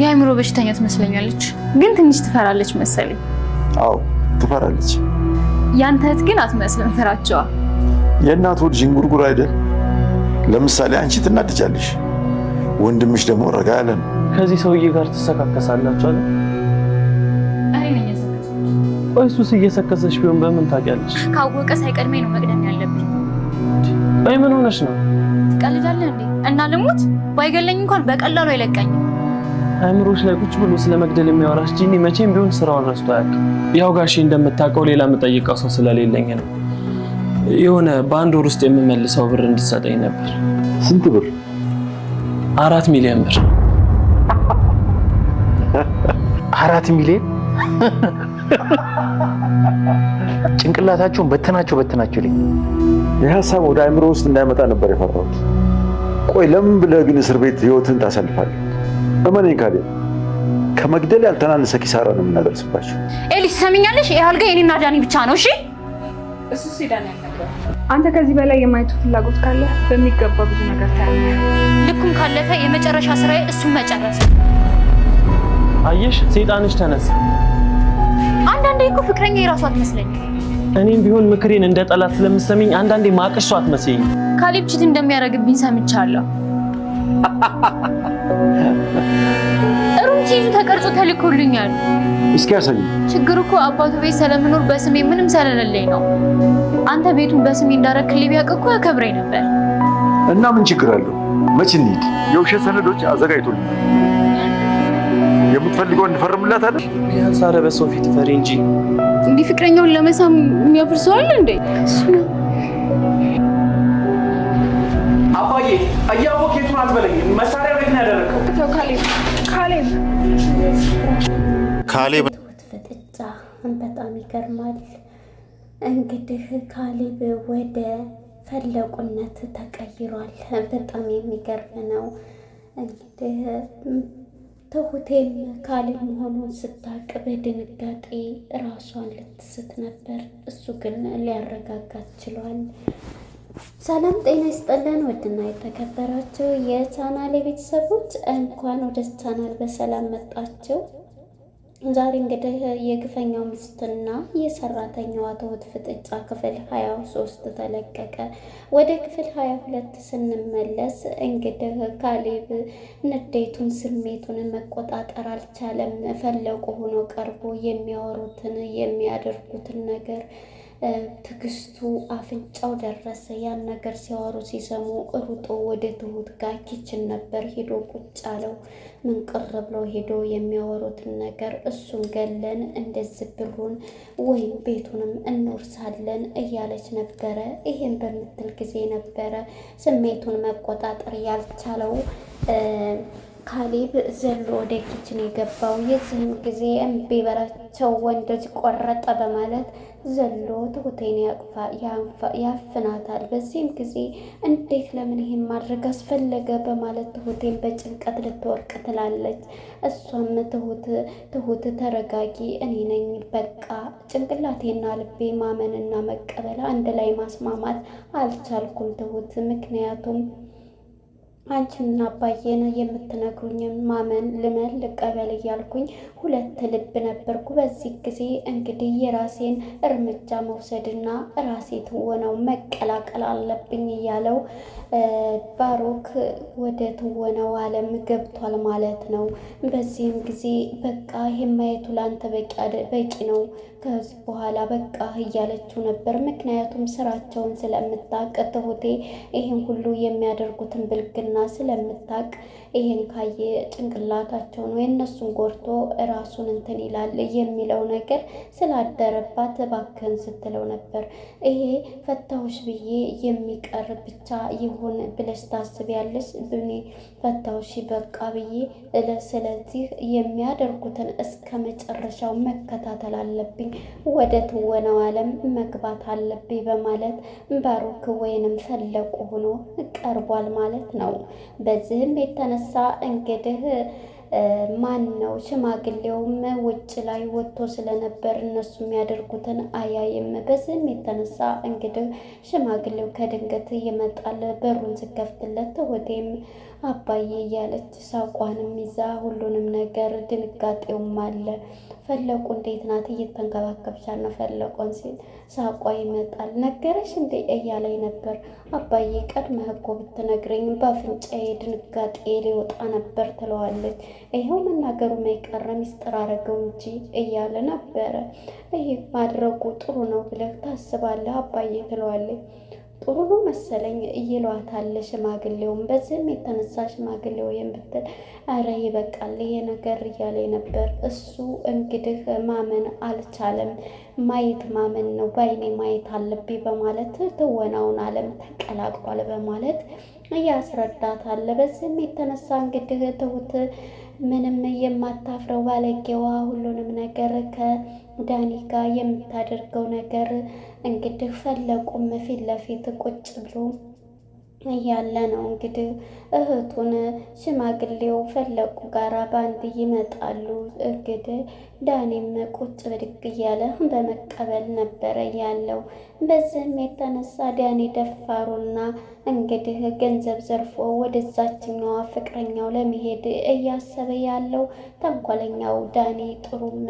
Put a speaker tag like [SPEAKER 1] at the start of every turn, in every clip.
[SPEAKER 1] የአእምሮ በሽተኛ ትመስለኛለች፣ ግን ትንሽ ትፈራለች መሰለኝ።
[SPEAKER 2] አዎ ትፈራለች።
[SPEAKER 1] ያንተ እህት ግን አትመስልም፣ ፍራቸዋ
[SPEAKER 2] የእናት ሆድ ዥንጉርጉር አይደል? ለምሳሌ አንቺ ትናደጃለሽ፣ ወንድምሽ ደግሞ ረጋ ያለ ነው።
[SPEAKER 3] ከዚህ ሰውዬ ጋር ትሰካከሳላችሁ አለ። ቆይ እሱስ እየሰከሰሽ ቢሆን በምን ታውቂያለሽ?
[SPEAKER 1] ካወቀ ሳይቀድመኝ ነው መቅደም ያለብኝ።
[SPEAKER 3] ቆይ ምን ሆነሽ ነው?
[SPEAKER 1] ትቀልዳለህ እንዴ? እና ልሙት ባይገለኝ እንኳን በቀላሉ አይለቀኝም።
[SPEAKER 3] አእምሮች ላይ ቁጭ ብሎ ስለ መግደል የሚያወራሽ ጂኒ መቼም ቢሆን ስራውን ረስቶ አያውቅም። ያው ጋሼ እንደምታውቀው ሌላ የምጠይቀው ሰው ስለሌለኝ ነው። የሆነ በአንድ ወር ውስጥ የምመልሰው ብር እንድትሰጠኝ ነበር። ስንት ብር? አራት ሚሊዮን ብር።
[SPEAKER 2] አራት ሚሊዮን ጭንቅላታቸውን በትናቸው በትናቸው ላይ ይህ ሀሳብ ወደ አእምሮ ውስጥ እንዳይመጣ ነበር የፈራሁት። ቆይ ለምን ብለህ ግን እስር ቤት ህይወትን ታሳልፋለህ? እመነኝ ካሌብ፣ ከመግደል ያልተናነሰ ኪሳራ ነው የምናደርስባቸው።
[SPEAKER 1] ኤልሽ ትሰሚኛለሽ? ይህ አልጋ እና ዳኒ ብቻ ነው። እሺ
[SPEAKER 4] እሱ ሲዳን አንተ ከዚህ በላይ የማየቱ ፍላጎት ካለ በሚገባ ብዙ ነገር ታያለህ።
[SPEAKER 1] ልኩም ካለፈ የመጨረሻ ስራዬ እሱን መጨረስ።
[SPEAKER 3] አየሽ፣ ሰይጣንሽ ተነሳ።
[SPEAKER 1] አንዳንዴ እኮ ፍቅረኛ የራሱ አትመስለኝ።
[SPEAKER 3] እኔም ቢሆን ምክሬን እንደ ጠላት ስለምሰሚኝ አንዳንዴ ማቅሽ አትመስለኝ።
[SPEAKER 1] ካሌብ ቺት እንደሚያደርግብኝ ሰምቻለሁ። ሩምቺዙ ተቀርጾ ተልኮልኛል። እስኪ ያሳይ። ችግር እኮ አባቱ ቤት ስለምኖር በስሜ ምንም ስለሌለኝ ነው። አንተ ቤቱን በስሜ እንዳረክልኝ ቢያውቅ እኮ ያከብረኝ ነበር።
[SPEAKER 2] እና ምን ችግር አለው? መቼ እንሂድ? የውሸት ሰነዶች አዘጋጅቶልኛል። የምትፈልገው እንፈርምላት አለ። ቢያንስ
[SPEAKER 3] ኧረ በሰው ፊት ፈሪ እንጂ
[SPEAKER 1] እንዲህ ፍቅረኛውን ለመሳም የሚያፍርሰዋል እንዴ?
[SPEAKER 5] አባዬ እያወቅ የቱን አትበለኝ። መሳሪያ ቤት ነው ያደረገ
[SPEAKER 6] ካሌብ ፍጥጫ በጣም ይገርማል። እንግዲህ ካሌብ ወደ ፈለቁነት ተቀይሯል። በጣም የሚገርም ነው። እንግዲህ ትሁቴም ካሌብ መሆኑን ስታውቅ በድንጋጤ ራሷን ልትስት ነበር። እሱ ግን ሊያረጋጋት ችሏል። ሰላም ጤና ይስጥልን። ውድና የተከበራችሁ የቻናል የቤተሰቦች እንኳን ወደ ቻናል በሰላም መጣችሁ። ዛሬ እንግዲህ የግፈኛው ሚስትና የሰራተኛዋ ትሁት ፍጥጫ ክፍል ሀያ ሶስት ተለቀቀ። ወደ ክፍል ሀያ ሁለት ስንመለስ እንግዲህ ካሌብ ንዴቱን፣ ስሜቱን መቆጣጠር አልቻለም። ፈለቁ ሆኖ ቀርቦ የሚያወሩትን የሚያደርጉትን ነገር ትግስቱ አፍንጫው ደረሰ። ያን ነገር ሲያወሩ ሲሰሙ ሩጦ ወደ ትሁት ጋር ኪችን ነበር ሄዶ ቁጭ አለው። ምን ቅር ብሎ ሄዶ የሚያወሩትን ነገር እሱን ገለን እንደዚህ ብሩን ወይም ቤቱንም እንወርሳለን እያለች ነበረ። ይሄን በምትል ጊዜ ነበረ ስሜቱን መቆጣጠር ያልቻለው ካሊብ ዘሎ ወደ ኪችን የገባው። የዚህም ጊዜ እምቢ በላቸው ወንዶች ቆረጠ በማለት ዘሎ ትሁቴን ያፍናታል። በዚህም ጊዜ እንዴት ለምን ይህን ማድረግ አስፈለገ በማለት ትሁቴን በጭንቀት ልትወርቅ ትላለች። እሷም ትሁት ተረጋጊ፣ እኔ ነኝ በቃ ጭንቅላቴና ልቤ ማመንና መቀበል አንድ ላይ ማስማማት አልቻልኩም ትሁት ምክንያቱም አንቺንና አባዬን የምትነግሩኝን ማመን ልመን ልቀበል እያልኩኝ ሁለት ልብ ነበርኩ። በዚህ ጊዜ እንግዲህ የራሴን እርምጃ መውሰድና ራሴ ትወናው መቀላቀል አለብኝ እያለው ባሮክ ወደ ትወናው ዓለም ገብቷል ማለት ነው። በዚህም ጊዜ በቃ የማየቱ ላንተ በቂ ነው ከዚህ በኋላ በቃ እያለችው ነበር። ምክንያቱም ስራቸውን ስለምታውቅ ትሁቴ ይህን ሁሉ የሚያደርጉትን ብልግና ስለምታቅ ይሄን ካየ ጭንቅላታቸውን ወይ እነሱን ጎርቶ ራሱን እንትን ይላል የሚለው ነገር ስላደረባት እባክህን ስትለው ነበር። ይሄ ፈታሁሽ ብዬ የሚቀር ብቻ ይሁን ብለሽ ታስቢያለሽ? እኔ ፈታሁሽ በቃ ብዬ ስለዚህ የሚያደርጉትን እስከ መጨረሻው መከታተል አለብኝ፣ ወደ ትወነው ዓለም መግባት አለብኝ በማለት ባሩክ ወይንም ፈለቁ ሆኖ ቀርቧል ማለት ነው። በዚህም የተነሳ እንስሳ እንግዲህ ማን ነው ሽማግሌውም ውጭ ላይ ወጥቶ ስለነበር እነሱ የሚያደርጉትን አያይም። በዚህም የተነሳ እንግዲህ ሽማግሌው ከድንገት ይመጣል። በሩን ስከፍትለት ወዴም አባዬ እያለች ሳቋንም ይዛ ሁሉንም ነገር ድንጋጤውም አለ። ፈለቁ እንዴት ናት? እየተንከባከብሻል ነው ፈለቆን ሲል ሳቋ ይመጣል። ነገረሽ እንዴ እያለኝ ነበር። አባዬ ቀድመህ እኮ ብትነግረኝ በአፍንጫዬ ድንጋጤ ሊወጣ ነበር ትለዋለች። ይኸው መናገሩ ማይቀረ ሚስጥር አረገው እንጂ እያለ ነበረ። ይህ ማድረጉ ጥሩ ነው ብለህ ታስባለህ አባዬ ትለዋለች። ጥሩ ነው መሰለኝ ይሏታል ሽማግሌውም። በዚህም የተነሳ ሽማግሌው ይህን ብትል ኧረ ይበቃል ይሄ ነገር እያለ ነበር። እሱ እንግዲህ ማመን አልቻለም። ማየት ማመን ነው፣ በአይኔ ማየት አለብኝ በማለት ትወናውን አለም ተቀላቅሏል በማለት እያስረዳታል። በዚህም የተነሳ እንግዲህ ትሁት ምንም የማታፍረው ባለጌዋ ሁሉንም ነገር ከዳኒ ጋር የምታደርገው ነገር እንግዲህ ፈለቁም ፊት ለፊት ቁጭ ብሎ እያለ ነው እንግዲህ እህቱን ሽማግሌው ፈለቁ ጋራ በአንድ ይመጣሉ እንግዲህ ዳኔም ቁጭ ብድግ እያለ በመቀበል ነበረ ያለው። በዚህም የተነሳ ዳኔ ደፋሩና እንግዲህ ገንዘብ ዘርፎ ወደዛችኛዋ ፍቅረኛው ለመሄድ እያሰበ ያለው ተንኮለኛው ዳኔ ጥሩም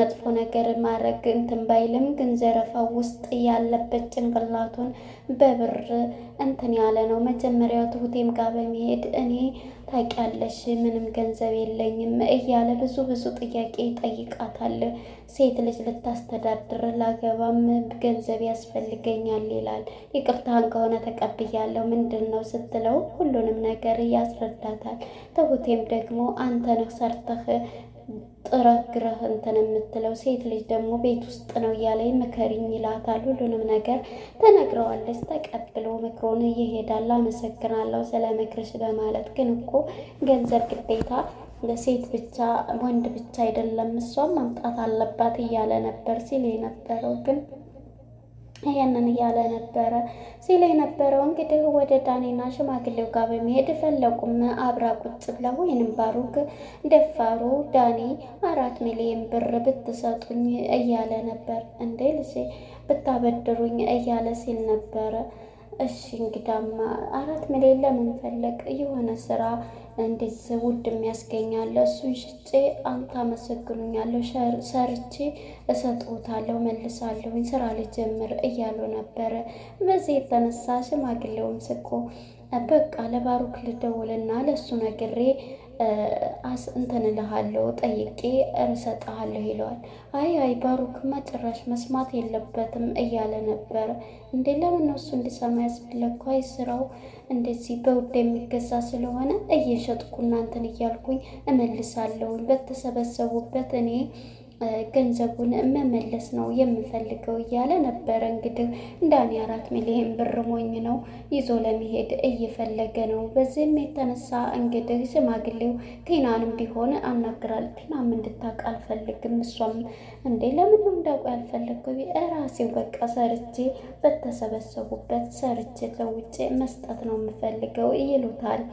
[SPEAKER 6] መጥፎ ነገር ማድረግ እንትን ባይልም ግን ዘረፋ ውስጥ ያለበት ጭንቅላቱን በብር እንትን ያለ ነው። መጀመሪያ ትሁቴም ጋር በመሄድ እኔ ታውቂያለሽ ምንም ገንዘብ የለኝም እያለ ብዙ ብዙ ጥያቄ ይጠይቃታል። ሴት ልጅ ልታስተዳድር ላገባም ገንዘብ ያስፈልገኛል ይላል። ይቅርታህን ከሆነ ተቀብያለሁ ምንድን ነው ስትለው ሁሉንም ነገር ያስረዳታል። ትሁቴም ደግሞ አንተ ነህ ሰርተህ ጥረግረህ እንትን የምትለው ሴት ልጅ ደግሞ ቤት ውስጥ ነው እያለ ምከሪኝ ይላታል። ሁሉንም ነገር ተነግረዋለች። ተቀብሎ ምክሮን እየሄዳለ አመሰግናለሁ ስለ ምክርሽ በማለት ግን እኮ ገንዘብ ግዴታ ለሴት ብቻ ወንድ ብቻ አይደለም እሷም ማምጣት አለባት እያለ ነበር ሲል የነበረው ግን ይሄንን እያለ ነበረ ሲል የነበረው እንግዲህ ወደ ዳኔና ሽማግሌው ጋር በመሄድ ፈለቁም አብራ ቁጭ ብላ ወይንም ባሩክ ደፋሩ ዳኒ አራት ሚሊዮን ብር ብትሰጡኝ እያለ ነበር እንዴ ልሴ ብታበድሩኝ እያለ ሲል ነበረ እሺ እንግዳማ አራት ሚሊዮን ለምን ፈለግ የሆነ ስራ እንዴት ውድ የሚያስገኛለ እሱን ሽጬ አንተ አመሰግኑኛለሁ ሰርቼ እሰጥዎታለሁ መልሳለሁኝ ስራ ልጀምር እያሉ ነበረ። በዚህ የተነሳ ሽማግሌውም ስቆ በቃ ለባሩክ ልደውልና ለእሱ ነግሬ እንትን ጠይቄ እሰጥሃለሁ ይለዋል። አይ አይ ባሩክማ ጭራሽ መስማት የለበትም እያለ ነበረ። እንዴ ለምን ነው እሱ እንዲሰማ ያስፈለግኩ? አይ ስራው እንደዚህ በውድ የሚገዛ ስለሆነ እየሸጥኩ እናንተን እያልኩኝ እመልሳለሁኝ በተሰበሰቡበት እኔ ገንዘቡን መመለስ ነው የምፈልገው እያለ ነበረ። እንግዲህ ዳኒ አራት ሚሊዮን ብር ሞኝ ነው ይዞ ለመሄድ እየፈለገ ነው። በዚህም የተነሳ እንግዲህ ሽማግሌው ቴናንም ቢሆን አናግራል። ቲናም እንድታውቅ አልፈልግም። እሷም እንዴ ለምን እንዳውቅ ያልፈለገው ራሴው በቃ ሰርቼ በተሰበሰቡበት ሰርቼ ለውጭ መስጠት ነው የምፈልገው ይሉታል።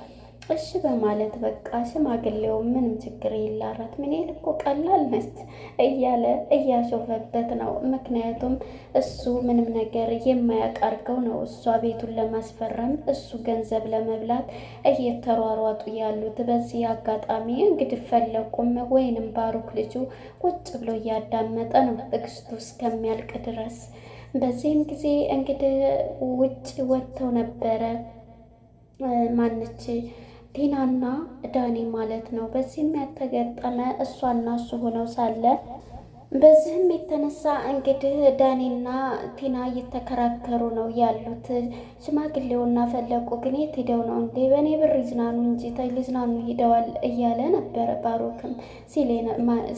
[SPEAKER 6] እሺ በማለት በቃ ሽማግሌው ምንም ችግር የላራት ምን እኮ ቀላል ነች እያለ እያሾፈበት ነው። ምክንያቱም እሱ ምንም ነገር የማያቃርገው ነው። እሷ ቤቱን ለማስፈረም እሱ ገንዘብ ለመብላት እየተሯሯጡ ያሉት። በዚህ አጋጣሚ እንግዲህ ፈለቁም ወይንም ባሩክ ልጁ ቁጭ ብሎ እያዳመጠ ነው ትዕግስቱ እስከሚያልቅ ድረስ። በዚህም ጊዜ እንግዲህ ውጭ ወጥተው ነበረ ማንች ዲናና ዳኒ ማለት ነው። በዚህም ያተገጠመ እሷና እሱ ሆነው ሳለ በዚህም የተነሳ እንግዲህ ዳኒና ቲና እየተከራከሩ ነው ያሉት። ሽማግሌውና ፈለቁ ግን የት ሄደው ነው እንዴ? በእኔ ብር ይዝናኑ እንጂ ሊዝናኑ ሄደዋል እያለ ነበረ። ባሮክም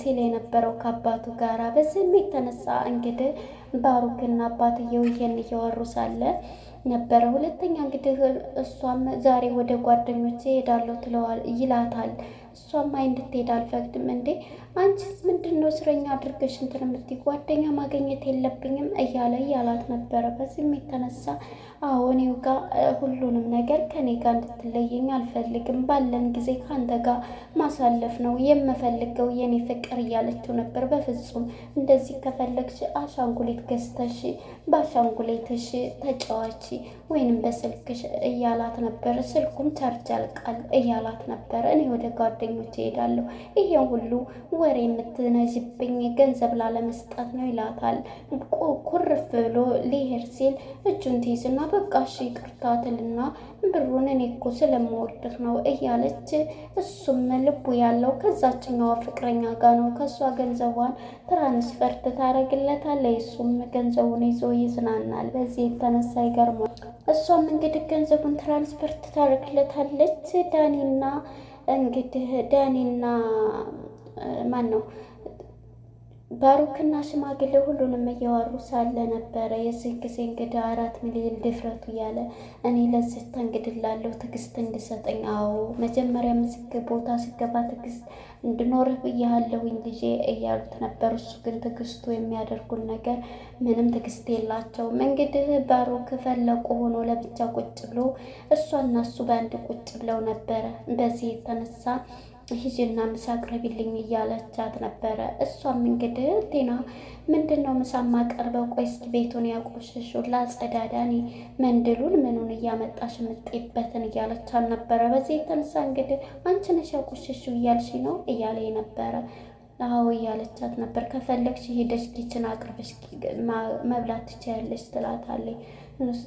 [SPEAKER 6] ሲል የነበረው ከአባቱ ጋራ። በዚህም የተነሳ እንግዲህ ባሮክና አባትየው ይሄን እያወሩ ሳለ ነበረ። ሁለተኛ እንግዲህ እሷም ዛሬ ወደ ጓደኞቼ እሄዳለሁ ትለዋል ይላታል። እሷም አይ እንድትሄድ አልፈቅድም። እንዴ አንቺ ምንድን ነው እስረኛ አድርገሽ እንትን የምትይ ጓደኛ ማገኘት የለብኝም እያለ እያላት ነበረ። በዚህም የተነሳ አዎ እኔው ጋር ሁሉንም ነገር ከኔ ጋር እንድትለየኝ አልፈልግም፣ ባለን ጊዜ ከአንተ ጋር ማሳለፍ ነው የምፈልገው የኔ ፍቅር እያለችው ነበር። በፍጹም እንደዚህ ከፈለግሽ አሻንጉሊት ገዝተሽ በአሻንጉሊትሽ ተጫዋች ወይንም በስልክሽ እያላት ነበር። ስልኩም ቻርጅ አልቃል እያላት ነበር። እኔ ወደ ጓደኛ ጓደኞች ይሄዳለሁ። ይሄ ሁሉ ወሬ የምትነዥብኝ ገንዘብ ላለመስጠት ነው ይላታል። ኩርፍ ብሎ ሊሄድ ሲል እጁን ትይዝና በቃ እሺ ይቅርታ ትልና ብሩን እኔ እኮ ስለምወድህ ነው እያለች እሱም ልቡ ያለው ከዛችኛዋ ፍቅረኛ ጋር ነው። ከእሷ ገንዘቧን ትራንስፈር ታደርግለታለች። እሱም ገንዘቡን ይዞ ይዝናናል። በዚህ የተነሳ ይገርማል። እሷም እንግዲህ ገንዘቡን ትራንስፈር ታደርግለታለች ዳኒና እንግዲህ ዳኒና ማን ነው ባሩክና ሽማግሌ ሁሉንም እያወሩ ሳለ ነበረ። የዚህ ጊዜ እንግዲህ አራት ሚሊዮን ድፍረቱ እያለ እኔ ለዚህ ተንግድላለሁ ትዕግስት እንድሰጠኝ። አዎ መጀመሪያ ምስክ ቦታ ሲገባ ትዕግስት እንድኖርህ ብያለሁኝ ልጄ እያሉት ነበር። እሱ ግን ትዕግስቱ የሚያደርጉን ነገር ምንም ትዕግስት የላቸውም። እንግዲህ ባሩክ ፈለቁ ሆኖ ለብቻ ቁጭ ብሎ እሷና እሱ በአንድ ቁጭ ብለው ነበረ። በዚህ የተነሳ ሂጂና ምሳ አቅርቢልኝ እያለቻት ነበረ። እሷም እንግዲህ ቴና ምንድን ነው ምሳ ማቀርበው? ቆይ እስኪ ቤቱን ያቆሽሹ ላጸዳዳኒ መንድሉን ምኑን እያመጣሽ የምጤበትን እያለቻት ነበረ። በዚህ የተነሳ እንግዲህ አንቺ ነሽ ያቆሽሹ እያልሽ ነው እያለ ነበረ። አዎ እያለቻት ነበር። ከፈለግሽ ሄደሽ ኪችን አቅርበሽ መብላት ትችያለሽ ትላታለች።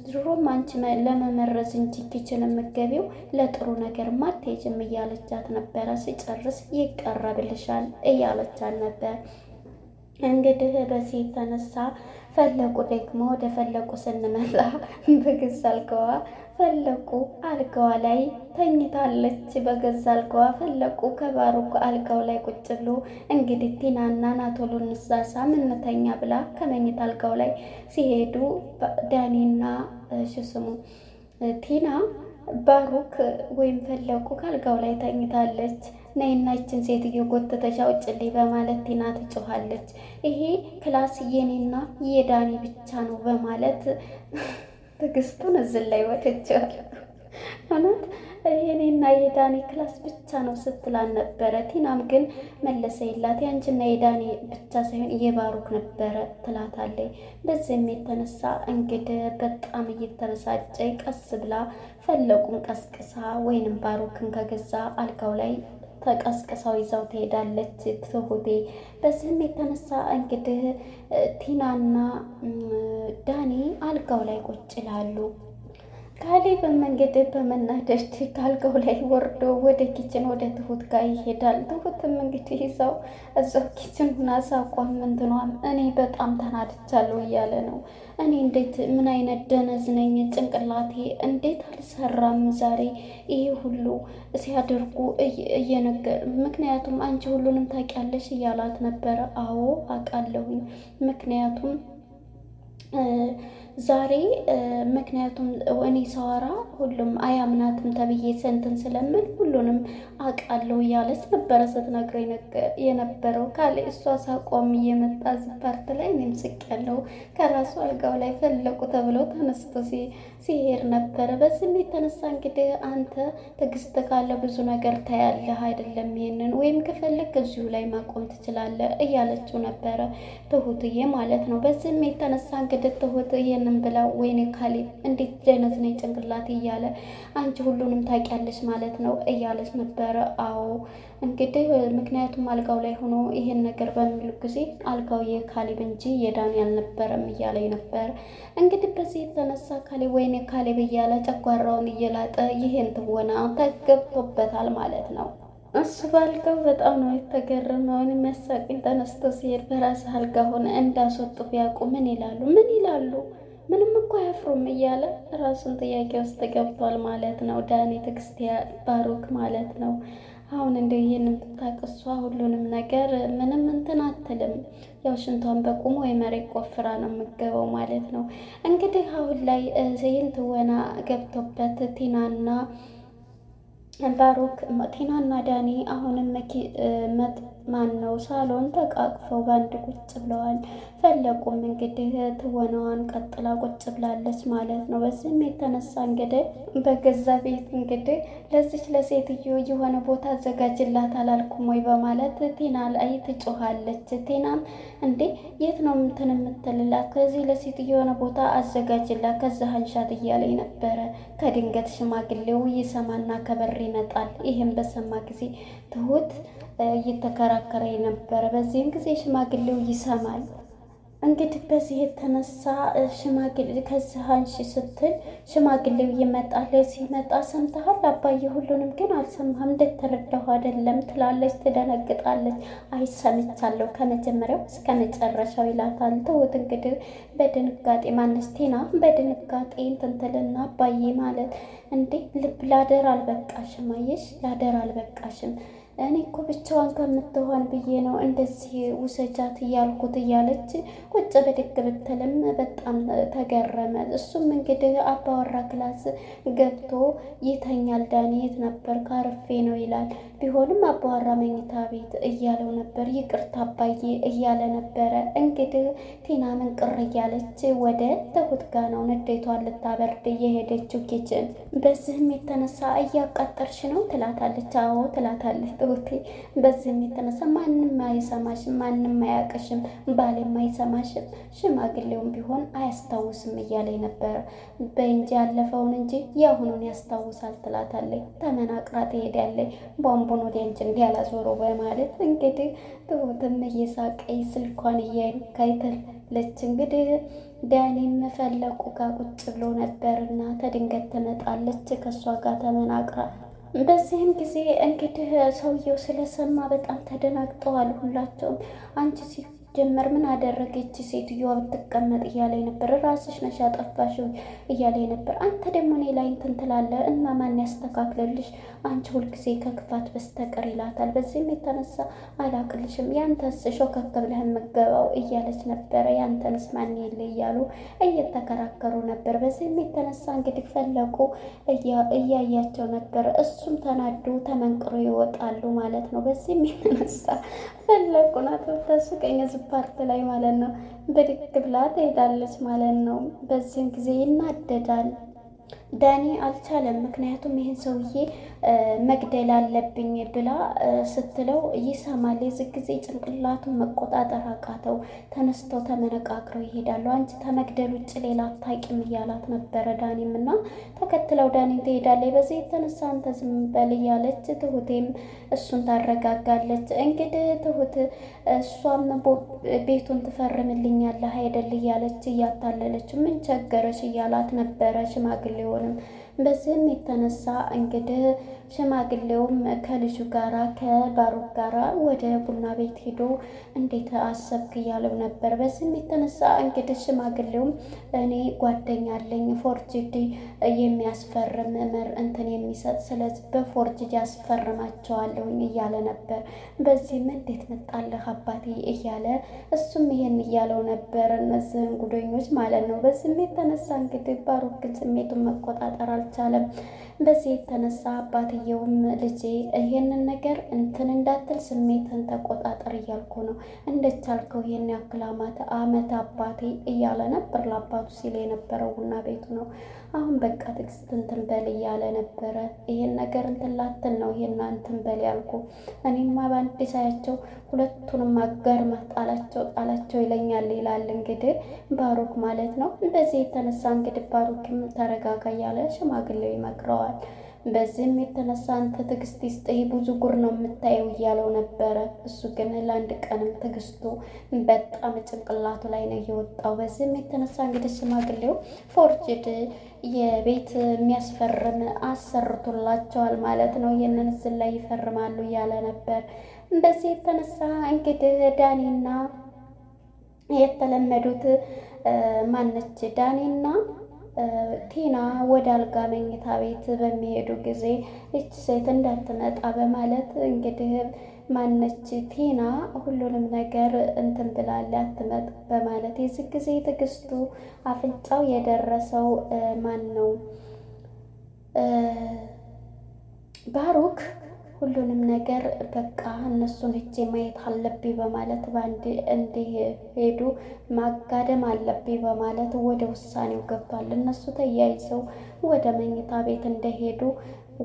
[SPEAKER 6] ድሮም አንቺ ለመመረዝ እንጂ ኪችን የምትገቢው ለጥሩ ነገር ማትሄጂም እያለቻት ነበረ። ሲጨርስ ይቀረብልሻል እያለቻት ነበር። እንግዲህ በዚህ የተነሳ ፈለቁ ደግሞ ወደ ፈለቁ ስንመጣ ብግስ አልከዋ ፈለቁ አልጋዋ ላይ ተኝታለች። በገዛ አልጋዋ ፈለቁ ከባሩክ አልጋው ላይ ቁጭ ብሎ እንግዲህ ቲናና ናቶሎ ንሳሳ ምንተኛ ብላ ከመኝታ አልጋው ላይ ሲሄዱ ዳኒና ሽስሙ ቲና ባሩክ ወይም ፈለቁ ከአልጋው ላይ ተኝታለች። ነይና ይችን ሴትዮ ጎትተሽ አውጭልኝ በማለት ቲና ትጮኻለች። ይሄ ክላስ የኔና የዳኒ ብቻ ነው በማለት ትዕግስቱን እዝን ላይ ወድጀዋለሁ። እውነት የኔና የዳኒ ክላስ ብቻ ነው ስትላን ነበረ። ቲናም ግን መለሰ የላት የአንቺና የዳኒ ብቻ ሳይሆን የባሩክ ነበረ ትላታለች። በዚህም የተነሳ እንግዲህ በጣም እየተበሳጨ ቀስ ብላ ፈለቁን ቀስቅሳ ወይንም ባሩክን ከገዛ አልጋው ላይ ተቀስቅሰው ይዘው ትሄዳለች ትሁቴ። በዚህም የተነሳ እንግዲህ ቲናና ዳኒ አልጋው ላይ ቁጭ ይላሉ። ካሌብም እንግዲህ በመናደድ ካልጋው ላይ ወርዶ ወደ ኪችን ወደ ትሁት ጋር ይሄዳል። ትሁትም እንግዲህ ይዛው እዛው ኪችን ሁና ሳቋም እንትኗም እኔ በጣም ተናድቻለሁ እያለ ነው። እኔ እንዴት ምን አይነት ደነዝ ነኝ? ጭንቅላቴ እንዴት አልሰራም? ዛሬ ይሄ ሁሉ ሲያደርጉ እየነገር ምክንያቱም አንቺ ሁሉንም ታውቂያለሽ እያላት ነበረ። አዎ አውቃለሁኝ ምክንያቱም ዛሬ ምክንያቱም እኔ ሰዋራ ሁሉም አያምናትም ተብዬ ስንትን ስለምል ሁሉንም አውቃለሁ እያለች ነበረ ስትነግረው የነበረው ካሌ እሷ ሳቋም እየመጣ ፓርት ላይ እኔም ስቅ ያለው ከራሱ አልጋው ላይ ፈለቁ ተብሎ ተነስቶ ሲሄድ ነበረ። በዚህም የተነሳ እንግዲህ አንተ ትዕግስት ካለ ብዙ ነገር ታያለህ አይደለም ይሄንን ወይም ከፈለግ እዚሁ ላይ ማቆም ትችላለህ እያለችው ነበረ ትሁትዬ ማለት ነው። በዚህም የተነሳ እንግዲህ ትሁትዬ ይሄንን ብላ ወይኔ ካሌብ እንዴት ደነዝ ነኝ ጭንቅላት እያለ አንቺ ሁሉንም ታውቂያለሽ ማለት ነው እያለች ነበረ። አዎ እንግዲህ ምክንያቱም አልጋው ላይ ሆኖ ይሄን ነገር በሚሉ ጊዜ አልጋው የካሌብ እንጂ የዳኒ አልነበረም እያለ ነበር። እንግዲህ በዚህ የተነሳ ካሌብ ወይኔ ካሌብ እያለ ጨጓራውን እየላጠ ይሄን ትወና ተገብቶበታል ማለት ነው። እሱ በአልጋው በጣም ነው የተገረመውን መሳቂን ተነስቶ ሲሄድ በራስ አልጋ ሆነ እንዳስወጡ ቢያውቁ ምን ይላሉ? ምን ይላሉ? ምንም እኮ አያፍሩም እያለ ራሱን ጥያቄ ውስጥ ገብቷል ማለት ነው። ዳኒ ትዕግስት ባሩክ ማለት ነው። አሁን እንደ ይህንን ብታውቅ እሷ ሁሉንም ነገር ምንም እንትን አትልም። ያው ሽንቷን በቁሙ የመሬት መሬት ቆፍራ ነው የምገበው ማለት ነው። እንግዲህ አሁን ላይ ይህን ትወና ገብቶበት ቲናና ባሩክ ቲናና ዳኒ አሁንም መጥ ማን ነው ሳሎን ተቃቅፈው በአንድ ቁጭ ብለዋል። ፈለቁም እንግዲህ ትወናዋን ቀጥላ ቁጭ ብላለች ማለት ነው። በዚህም የተነሳ እንግዲህ በገዛ ቤት እንግዲህ ለዚች ለሴትዮ የሆነ ቦታ አዘጋጅላት አላልኩም ወይ በማለት ቴና ላይ ትጮኻለች። ቴናም እንዴ የት ነው ምትን የምትልላት? ከዚህ ለሴትዮ የሆነ ቦታ አዘጋጅላት ከዛ አንሻት እያለኝ ነበረ። ከድንገት ሽማግሌው ይሰማና ከበር ይመጣል። ይህም በሰማ ጊዜ ትሁት እየተከራከረ የነበረ። በዚህም ጊዜ ሽማግሌው ይሰማል። እንግዲህ በዚህ የተነሳ ሽማግሌ ከዚህ አንሺ ስትል ሽማግሌው ይመጣል። ሲመጣ ሰምተሃል አባዬ? ሁሉንም ግን አልሰማህም፣ እንደተረዳሁ አይደለም ትላለች። ትደነግጣለች። አይሰምቻለሁ ከመጀመሪያው እስከ መጨረሻው ይላታል። ትሁት እንግዲህ በድንጋጤ ማነች ቲና በድንጋጤ እንትን ትልና አባዬ ማለት እንዴ ልብ ላደር አልበቃሽም? አየሽ ላደር አልበቃሽም እኔ እኮ ብቻዋን ከምትሆን ብዬ ነው እንደዚህ ውሰጃት እያልኩት እያለች ቁጭ ብድግ ብትልም በጣም ተገረመ። እሱም እንግዲህ አባወራ ክላስ ገብቶ ይተኛል። ዳኒ የት ነበር ካርፌ ነው ይላል። ቢሆንም አባዋራ መኝታ ቤት እያለው ነበር። ይቅርታ አባዬ እያለ ነበረ። እንግዲህ ቲና ምን ቅር እያለች ወደ ትሁት ጋ ነው ንዴቷን ልታበርድ የሄደችው ኪችን። በዚህም የተነሳ እያቃጠርሽ ነው ትላታለች። አዎ ትላታለች ትሁቴ። በዚህም የተነሳ ማንም አይሰማሽም፣ ማንም አያቅሽም፣ ባሌም አይሰማሽም፣ ሽማግሌውም ቢሆን አያስታውስም እያለ ነበረ። በእንጂ ያለፈውን እንጂ የአሁኑን ያስታውሳል ትላታለች። ተመናቅራ ትሄዳለች ቧንቧ ልቡን ወደ አንቺ እንዲያላዞረው በማለት እንግዲህ ትሁትም እየሳቀይ ስልኳን እያይተለች እንግዲህ ዳኒ መፈለቁ ጋር ቁጭ ብሎ ነበርና ተድንገት ትመጣለች ከእሷ ጋር ተመናቅራ። በዚህም ጊዜ እንግዲህ ሰውየው ስለሰማ በጣም ተደናግጠዋል ሁላቸውም። አንቺ ሲጀመር ምን አደረገች ሴትዮዋ ብትቀመጥ እያለ ነበር። ራስሽ ነሽ ያጠፋሽው እያለ ነበር። አንተ ደግሞ እኔ ላይ እንትን ትላለህ እና ማን ያስተካክልልሽ? አንቺ ሁልጊዜ ከክፋት በስተቀር ይላታል። በዚህም የተነሳ አላቅልሽም፣ ያንተስ ሾከክ ብለህ የምገባው እያለች ነበረ። ያንተንስ ማን የለ እያሉ እየተከራከሩ ነበር። በዚህም የተነሳ እንግዲህ ፈለቁ እያያቸው ነበር። እሱም ተናዱ ተመንቅሮ ይወጣሉ ማለት ነው። በዚህም የተነሳ ፈለቁ ናት ተስቀኝ ፓርት ላይ ማለት ነው። ብድግ ብላ ትሄዳለች ማለት ነው። በዚህም ጊዜ ይናደዳል ዳኒ አልቻለም። ምክንያቱም ይህን ሰውዬ መግደል አለብኝ ብላ ስትለው ይሰማል። የዚህ ጊዜ ጭንቅላቱ መቆጣጠር አቃተው። ተነስተው ተመነቃቅረው ይሄዳሉ። አንቺ ተመግደል ውጭ ሌላ አታውቂም እያላት ነበረ ዳኒም እና ተከትለው ዳኒም ትሄዳለች። በዚህ የተነሳ አንተ ዝም በል እያለች ትሁቴም እሱን ታረጋጋለች። እንግዲህ ትሁት እሷም ቤቱን ትፈርምልኛለህ አይደል እያለች እያታለለች ምን ቸገረች እያላት ነበረ ሽማግሌውንም በዚህም የተነሳ እንግዲህ ሽማግሌውም ከልጁ ጋራ ከባሮክ ጋራ ወደ ቡና ቤት ሄዶ እንዴት አሰብክ እያለው ነበር። በዚህም የተነሳ እንግዲህ ሽማግሌውም እኔ ጓደኛ አለኝ ፎርጅድ የሚያስፈርም ምር እንትን የሚሰጥ ስለዚህ በፎርጅድ ያስፈርማቸዋለሁኝ እያለ ነበር። በዚህም እንዴት መጣለህ አባቴ እያለ እሱም ይሄን እያለው ነበር። እነዚህን ጉደኞች ማለት ነው። በዚህም የተነሳ እንግዲህ ባሮክ ግን ስሜቱን መቆጣጠር አልቻለም። በዚህ የተነሳ አባቴ አላየውም ልጄ፣ ይህንን ነገር እንትን እንዳትል ስሜትን ተቆጣጠር እያልኩ ነው። እንደቻልከው ይህን ያክል አመት አመት አባቴ እያለ ነበር ለአባቱ ሲል የነበረው ቡና ቤቱ ነው። አሁን በቃ ትግስት እንትን በል እያለ ነበረ። ይህን ነገር እንትን ላትል ነው ይህና እንትን በል ያልኩ። እኔማ በአንድ ሳያቸው ሁለቱንም አጋር ጣላቸው ጣላቸው ይለኛል ይላል እንግዲህ ባሩክ ማለት ነው። በዚህ የተነሳ እንግዲህ ባሮክም ተረጋጋ እያለ ሽማግሌው ይመክረዋል። በዚህም የተነሳ አንተ ትዕግስት ይስጥህ ብዙ ጉር ነው የምታየው እያለው ነበረ። እሱ ግን ለአንድ ቀንም ትዕግስቱ በጣም ጭንቅላቱ ላይ ነው የወጣው። በዚህም የተነሳ እንግዲህ ሽማግሌው ፎርጅድ የቤት የሚያስፈርም አሰርቶላቸዋል ማለት ነው። ይህንን እዚህ ላይ ይፈርማሉ እያለ ነበር። በዚህ የተነሳ እንግዲህ ዳኒና የተለመዱት ማነች ዳኒና ቴና ወደ አልጋ መኝታ ቤት በሚሄዱ ጊዜ ይች ሴት እንዳትመጣ በማለት እንግዲህ ማነች ቴና ሁሉንም ነገር እንትን ብላለ አትመጥ በማለት የዚህ ጊዜ ትዕግስቱ አፍንጫው የደረሰው ማን ነው? ባሩክ ሁሉንም ነገር በቃ እነሱን ሄጄ ማየት አለብኝ በማለት በአንድ እንዲሄዱ ማጋደም አለብኝ በማለት ወደ ውሳኔው ገብቷል። እነሱ ተያይዘው ወደ መኝታ ቤት እንደሄዱ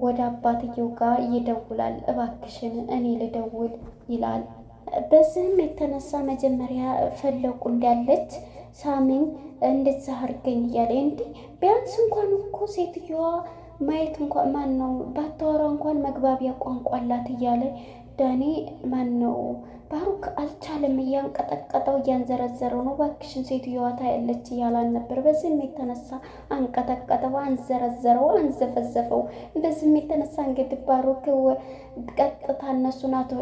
[SPEAKER 6] ወደ አባትየው ጋር ይደውላል። እባክሽን እኔ ልደውል ይላል። በዚህም የተነሳ መጀመሪያ ፈለቁ እንዳለች ሳሚኝ እንደዛ እያለ እንዲህ ቢያንስ እንኳን እኮ ሴትዮዋ ማየት እንኳን ማን ነው ባታወራው እንኳን መግባቢያ ቋንቋላት እያለ ዳኒ ማን ነው ባሩክ አልቻለም። እያንቀጠቀጠው እያንዘረዘረው ነው። እባክሽን ሴትዮዋ ታያለች እያላን ነበር። በዚህም የተነሳ አንቀጠቀጠው፣ አንዘረዘረው፣ አንዘፈዘፈው። በዚህም የተነሳ እንግዲህ ባሩክ ቀጥታ እነሱ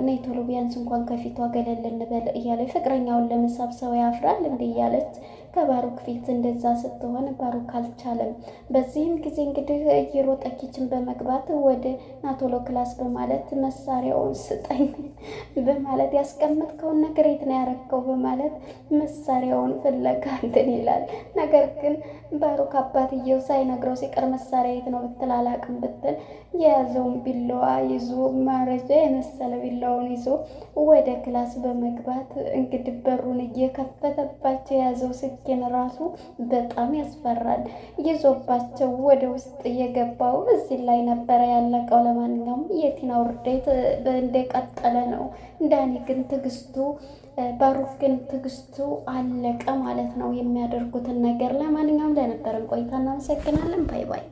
[SPEAKER 6] ነይ ቶሎ ቢያንስ እንኳን ከፊቷ ገለል እንበል እያለ ፍቅረኛውን ለመሳብ ሰው ያፍራል እንዲህ እያለች ከባሩክ ፊት እንደዛ ስትሆን ባሩክ አልቻለም። በዚህም ጊዜ እንግዲህ እየሮጠ ኪችን በመግባት ወደ ናቶሎ ክላስ በማለት መሳሪያውን ስጠኝ በማለት ያስቀመጥከውን ነገር የት ነው ያረከው በማለት መሳሪያውን ፍለጋ እንትን ይላል። ነገር ግን ባሩክ አባትየው ሳይነግረው ሲቀር መሳሪያ የት ነው ብትል አላቅም ብትል የያዘውን ቢላዋ ይዞ ማረጃ የመሰለ ቢላውን ይዞ ወደ ክላስ በመግባት እንግዲህ በሩን እየከፈተባቸው የያዘው ስ ምስኪን ራሱ በጣም ያስፈራል። ይዞባቸው ወደ ውስጥ የገባው እዚህ ላይ ነበረ ያለቀው። ለማንኛውም የቲና ውርደት እንደቀጠለ ነው። ዳኒ ግን ትግስቱ ባሩፍ ግን ትግስቱ አለቀ ማለት ነው፣ የሚያደርጉትን ነገር። ለማንኛውም ለነበረን ቆይታ እናመሰግናለን። ባይ ባይ።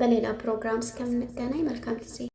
[SPEAKER 6] በሌላ ፕሮግራም እስከምንገናኝ መልካም ጊዜ